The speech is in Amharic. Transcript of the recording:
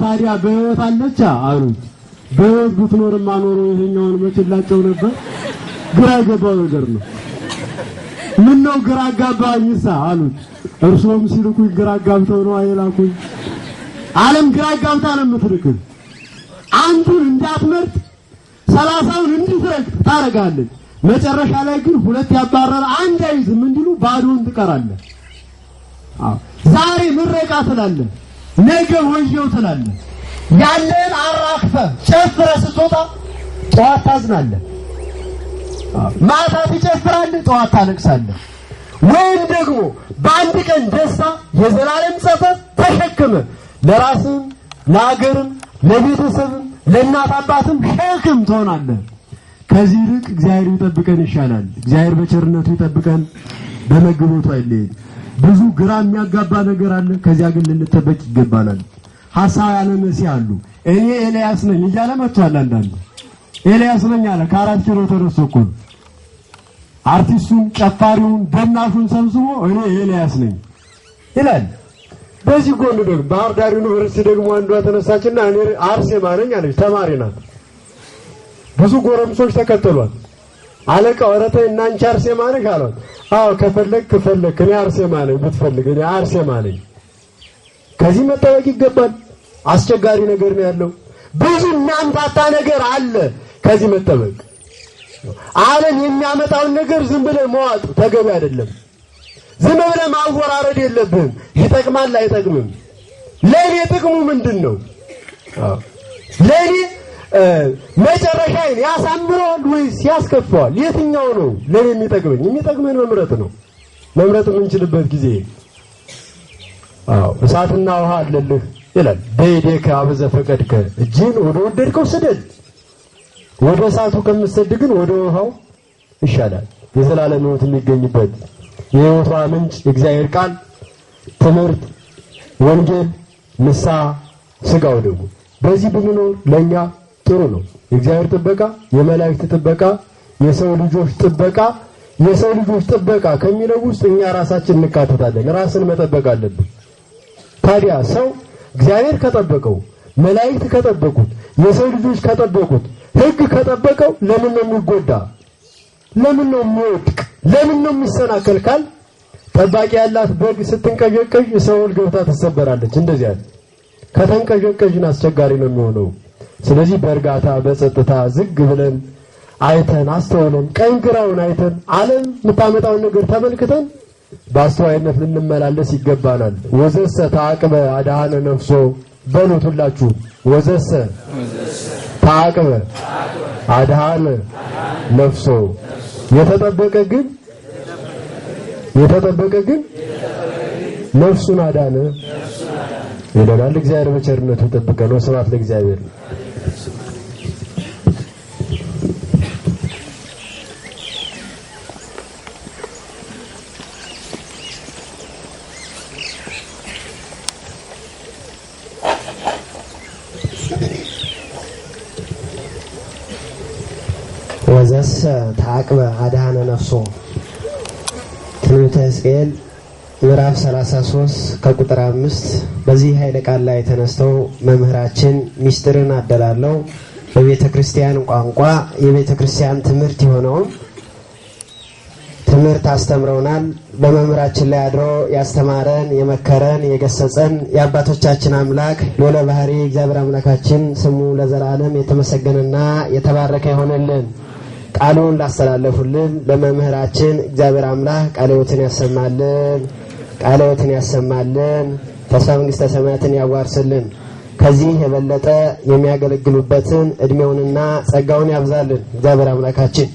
ታዲያ በህይወት አለቻ አሉት። በህይወት ብትኖርማ ኖሮ ይሄኛውን መችላቸው ነበር። ግራ የገባው ነገር ነው። ምን ነው ግራ አጋባኝሳ አሉት። እርሶም ሲልኩኝ ግራ አጋብተው ነው አይላኩኝ። ዓለም ግራ አጋብታ ነው የምትልክን። አንዱን እንዳትመርጥ ሰላሳውን እንድትረግጥ ታረጋለች። መጨረሻ ላይ ግን ሁለት ያባረረ አንድ አይዝም እንዲሉ ባዶን ትቀራለህ። ዛሬ ምረቃ ስላለ ነገ ወየው ትላለህ። ያለን አራክፈ ጨፍረ ስትወጣ ጠዋት ታዝናለህ፣ ማታ ትጨፍራለህ፣ ጠዋት ታለቅሳለህ። ወይም ደግሞ በአንድ ቀን ደስታ የዘላለም ጸጸት ተሸክመ ለራስም ለአገርም ለቤተሰብም ለእናት አባትም ሸክም ትሆናለህ። ከዚህ ርቅ እግዚአብሔር ይጠብቀን ይሻላል። እግዚአብሔር በቸርነቱ ይጠብቀን፣ በመግቦቱ አይለየን። ብዙ ግራ የሚያጋባ ነገር አለ። ከዚያ ግን ልንጠበቅ ይገባናል። ሐሳብ ያለ መሲህ አሉ። እኔ ኤልያስ ነኝ እያለ መጥቷል። አንዳንዱ ኤልያስ ነኝ አለ። ከአራት ኪሎ ተነስቶ እኮ አርቲስቱን፣ ጨፋሪውን፣ ደናሹን ሰብስቦ እኔ ኤልያስ ነኝ ይላል። በዚህ ጎን ደግሞ ባህር ዳር ዩኒቨርሲቲ ደግሞ አንዷ ተነሳችና እኔ አርሴማ ነኝ አለች። ተማሪ ናት። ብዙ ጎረምሶች ተከተሏል። አለቃው ኧረ ተይ እና አንቺ አርሴማ ነሽ አሏት። አዎ ከፈለግ ከፈለግ እኔ አርሴማ ነኝ ብትፈልግ እኔ አርሴማ ነኝ። ከዚህ መጠበቅ ይገባል። አስቸጋሪ ነገር ነው ያለው። ብዙ እናምታታ ነገር አለ። ከዚህ መጠበቅ ዓለም የሚያመጣውን ነገር ዝም ብለህ መዋጥ ተገቢ አይደለም። ዝም ብለህ ማወራረድ የለብህም። ይጠቅማል አይጠቅምም፣ ለእኔ ጥቅሙ ምንድን ነው ለእኔ መጨረሻዬን ያሳምረዋል ወይስ ያስከፋዋል? የትኛው ነው ለኔ የሚጠቅመኝ? የሚጠቅመን መምረጥ ነው። መምረጥ የምንችልበት ጊዜ አዎ፣ እሳትና ውሃ አለልህ ይላል። በይዴከ አብዘ ፈቀድከ፣ እጅን ወደ ወደድከው ስደድ። ወደ እሳቱ ከምትሰድ ግን ወደ ውሃው ይሻላል። የዘላለም ህይወት የሚገኝበት የሕይወቷ ምንጭ እግዚአብሔር ቃል፣ ትምህርት፣ ወንጌል፣ ንስሐ፣ ስጋው ደግሞ በዚህ ብንኖር ለእኛ ጥሩ ነው። የእግዚአብሔር ጥበቃ፣ የመላእክት ጥበቃ፣ የሰው ልጆች ጥበቃ የሰው ልጆች ጥበቃ ከሚለው ውስጥ እኛ ራሳችን እንካተታለን። ራስን መጠበቅ አለብን። ታዲያ ሰው እግዚአብሔር ከጠበቀው፣ መላእክት ከጠበቁት፣ የሰው ልጆች ከጠበቁት፣ ህግ ከጠበቀው ለምን ነው የሚጎዳ? ለምን ነው የሚወድቅ? ለምን ነው የሚሰናከል? ካል ጠባቂ ያላት በግ ስትንቀዠቀዥ ሰው ገብታ ትሰበራለች። እንደዚያ ከተንቀዠቀዥን አስቸጋሪ ነው የሚሆነው። ስለዚህ በእርጋታ በጸጥታ ዝግ ብለን አይተን አስተውለን ቀኝ ግራውን አይተን ዓለም የምታመጣውን ነገር ተመልክተን በአስተዋይነት ልንመላለስ ይገባናል። ወዘሰ ተአቅበ አድኃነ ነፍሶ በሉት ሁላችሁ ወዘሰ ተአቅበ አድኃነ ነፍሶ የተጠበቀ ግን የተጠበቀ ግን ነፍሱን አዳነ ይለናል። እግዚአብሔር በቸርነቱ ይጠብቀን። ወስብሐት ለእግዚአብሔር። ወዘሰ ተዓቅበ አድሃነ ነፍሶ ትንቢተ ሕዝቅኤል ምዕራፍ 33 ከቁጥር አምስት በዚህ ኃይለ ቃል ላይ ተነስተው መምህራችን ሚስጥርን አደላለው በቤተ ክርስቲያን ቋንቋ የቤተ ክርስቲያን ትምህርት የሆነውን ትምህርት አስተምረውናል። በመምህራችን ላይ አድሮ ያስተማረን፣ የመከረን፣ የገሰጸን የአባቶቻችን አምላክ ሎለ ባህሪ እግዚአብሔር አምላካችን ስሙ ለዘላለም የተመሰገነና የተባረከ ይሆንልን። ቃሉን ላስተላለፉልን ለመምህራችን እግዚአብሔር አምላክ ቃለ ሕይወትን ያሰማልን። ቃለወትን ያሰማልን፣ ተስፋ መንግስተ ሰማያትን ያዋርስልን፣ ከዚህ የበለጠ የሚያገለግሉበትን እድሜውንና ጸጋውን ያብዛልን እግዚአብሔር አምላካችን።